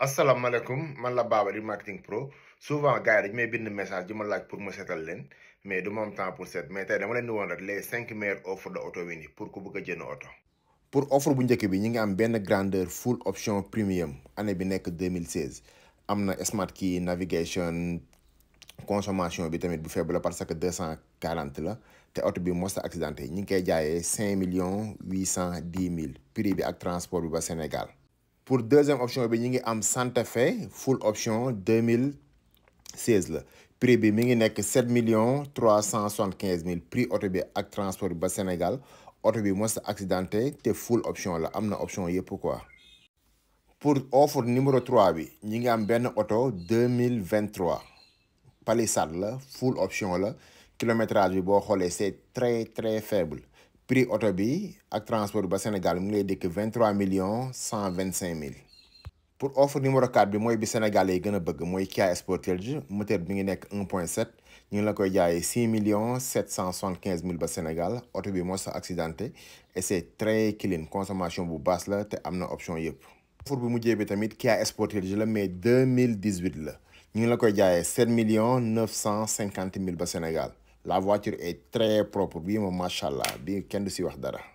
asalaamaaleykum man la baaba di marketing pro souvent gars yi dañu may bind message di ma laaj pour ma seetal leen mais du ma temps pour seet mais tey dama leen di woon rek les cinq meilleures offres de auto win yi pour ku bëgg a jënd auto. pour offre bu njëkk bi ñi ngi am benn grandeur full option premium année bi nekk 2016 am na smart key navigation consommation bi tamit bu faible la parce que 240 la te oto bi mos a accidenté ñi ngi koy jaayee 5 millions 810 mille prix bi ak transport bi ba Sénégal. pour deuxième option nous avons Santa Fe full option 2016 Le prix est de 7 millions 375 mille prix auto bi transport au Sénégal auto bi accidenté c'est full option la am option pourquoi pour offre numéro 3 nous avons ngi am auto, 2023 Palisade, la full option le kilométrage bi c'est très très faible prix l'autobus bi ak transport ba Sénégal mu millions pour offre numéro 4 bi bi bëgg Kia Sportage moteur bi 1.7 ñu la koy 6 Sénégal auto accidenté et c' très clean consommation bu basse la option offre bi Kia Sportage la mais 2018 la ñu la 7 millions 950 Sénégal la voiture est très propre Bien, Masha'Allah. Bien, allah Wahdara. kenn si wax dara.